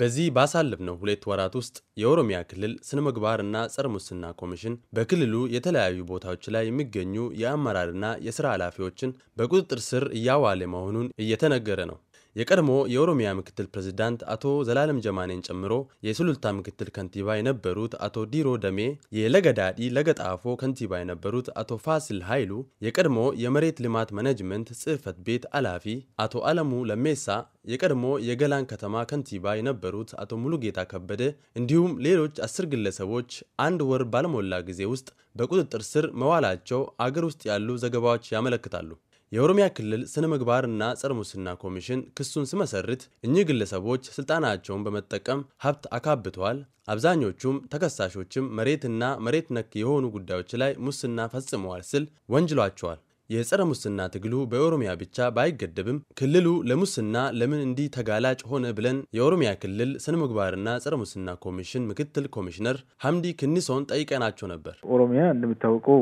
በዚህ ባሳለፍነው ሁለት ወራት ውስጥ የኦሮሚያ ክልል ስነ ምግባርና ጸረ ሙስና ኮሚሽን በክልሉ የተለያዩ ቦታዎች ላይ የሚገኙ የአመራርና የስራ ኃላፊዎችን በቁጥጥር ስር እያዋለ መሆኑን እየተነገረ ነው። የቀድሞ የኦሮሚያ ምክትል ፕሬዚዳንት አቶ ዘላለም ጀማኔን ጨምሮ የሱሉልታ ምክትል ከንቲባ የነበሩት አቶ ዲሮ ደሜ፣ የለገዳዲ ለገጣፎ ከንቲባ የነበሩት አቶ ፋሲል ኃይሉ፣ የቀድሞ የመሬት ልማት መነጅመንት ጽህፈት ቤት ኃላፊ አቶ አለሙ ለሜሳ፣ የቀድሞ የገላን ከተማ ከንቲባ የነበሩት አቶ ሙሉጌታ ከበደ እንዲሁም ሌሎች አስር ግለሰቦች አንድ ወር ባልሞላ ጊዜ ውስጥ በቁጥጥር ስር መዋላቸው አገር ውስጥ ያሉ ዘገባዎች ያመለክታሉ። የኦሮሚያ ክልል ስነ ምግባርና ጸረ ሙስና ኮሚሽን ክሱን ስመሰርት እኚህ ግለሰቦች ስልጣናቸውን በመጠቀም ሀብት አካብተዋል፣ አብዛኞቹም ተከሳሾችም መሬትና መሬት ነክ የሆኑ ጉዳዮች ላይ ሙስና ፈጽመዋል ሲል ወንጅሏቸዋል። የጸረ ሙስና ትግሉ በኦሮሚያ ብቻ ባይገደብም ክልሉ ለሙስና ለምን እንዲህ ተጋላጭ ሆነ ብለን የኦሮሚያ ክልል ስነ ምግባርና ጸረ ሙስና ኮሚሽን ምክትል ኮሚሽነር ሀምዲ ክኒሶን ጠይቀናቸው ነበር። ኦሮሚያ እንደሚታወቀው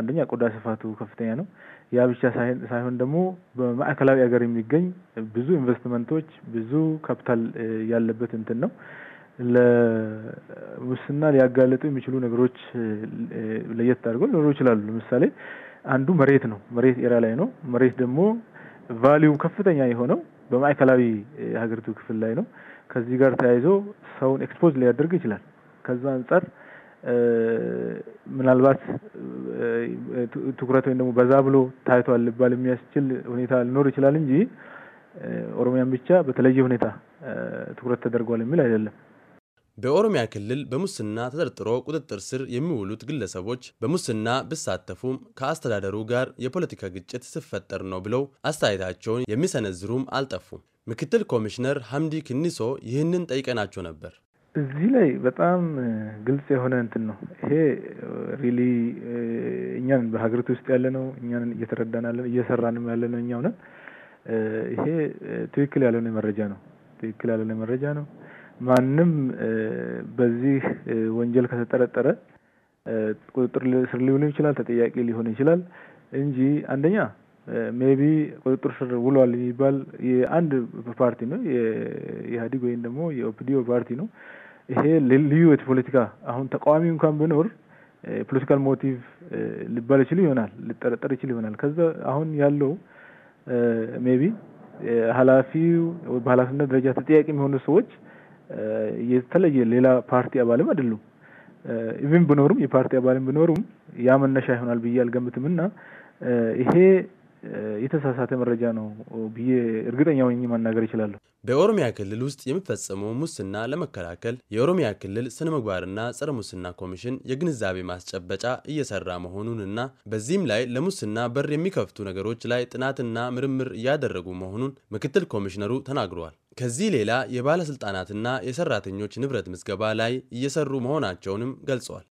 አንደኛ ቆዳ ስፋቱ ከፍተኛ ነው። ያ ብቻ ሳይሆን ደግሞ በማዕከላዊ ሀገር የሚገኝ ብዙ ኢንቨስትመንቶች ብዙ ካፒታል ያለበት እንትን ነው። ለሙስና ሊያጋለጡ የሚችሉ ነገሮች ለየት አድርገው ሊኖሩ ይችላሉ። ለምሳሌ አንዱ መሬት ነው። መሬት ኤራ ላይ ነው። መሬት ደግሞ ቫሊዩ ከፍተኛ የሆነው በማዕከላዊ ሀገሪቱ ክፍል ላይ ነው። ከዚህ ጋር ተያይዞ ሰውን ኤክስፖዝ ሊያደርግ ይችላል። ከዛ አንጻር ምናልባት ትኩረት ወይም ደግሞ በዛ ብሎ ታይቷል ሊባል የሚያስችል ሁኔታ ሊኖር ይችላል እንጂ ኦሮሚያን ብቻ በተለየ ሁኔታ ትኩረት ተደርጓል የሚል አይደለም። በኦሮሚያ ክልል በሙስና ተጠርጥሮ ቁጥጥር ስር የሚውሉት ግለሰቦች በሙስና ቢሳተፉም ከአስተዳደሩ ጋር የፖለቲካ ግጭት ሲፈጠር ነው ብለው አስተያየታቸውን የሚሰነዝሩም አልጠፉም። ምክትል ኮሚሽነር ሀምዲ ክኒሶ ይህንን ጠይቀናቸው ነበር። እዚህ ላይ በጣም ግልጽ የሆነ እንትን ነው ይሄ ሪሊ እኛን በሀገሪቱ ውስጥ ያለ ነው። እኛን እየተረዳን ያለ እየሰራንም ያለ ነው። እኛው ነን። ይሄ ትክክል ያለ መረጃ ነው። ትክክል ያለ መረጃ ነው። ማንም በዚህ ወንጀል ከተጠረጠረ ቁጥጥር ስር ሊውልም ይችላል፣ ተጠያቂ ሊሆን ይችላል እንጂ አንደኛ ሜቢ ቁጥጥር ስር ውሏል የሚባል የአንድ ፓርቲ ነው፣ የኢህአዲግ ወይም ደግሞ የኦፒዲዮ ፓርቲ ነው። ይሄ ልዩ የፖለቲካ አሁን ተቃዋሚ እንኳን ቢኖር ፖለቲካል ሞቲቭ ሊባል ይችል ይሆናል፣ ሊጠረጠር ይችል ይሆናል። ከዛ አሁን ያለው ሜቢ ኃላፊው በኃላፊነት ደረጃ ተጠያቂ የሚሆኑ ሰዎች የተለየ ሌላ ፓርቲ አባልም አይደሉም። ኢቭን ብኖሩም የፓርቲ አባልም ብኖሩም ያ መነሻ ይሆናል ብዬ አልገምትም እና ይሄ የተሳሳተ መረጃ ነው ብዬ እርግጠኛ ሆኜ መናገር ይችላለሁ። በኦሮሚያ ክልል ውስጥ የሚፈጸመው ሙስና ለመከላከል የኦሮሚያ ክልል ስነ ምግባርና ጸረ ሙስና ኮሚሽን የግንዛቤ ማስጨበጫ እየሰራ መሆኑንና በዚህም ላይ ለሙስና በር የሚከፍቱ ነገሮች ላይ ጥናትና ምርምር እያደረጉ መሆኑን ምክትል ኮሚሽነሩ ተናግረዋል። ከዚህ ሌላ የባለስልጣናትና የሰራተኞች ንብረት ምዝገባ ላይ እየሰሩ መሆናቸውንም ገልጸዋል።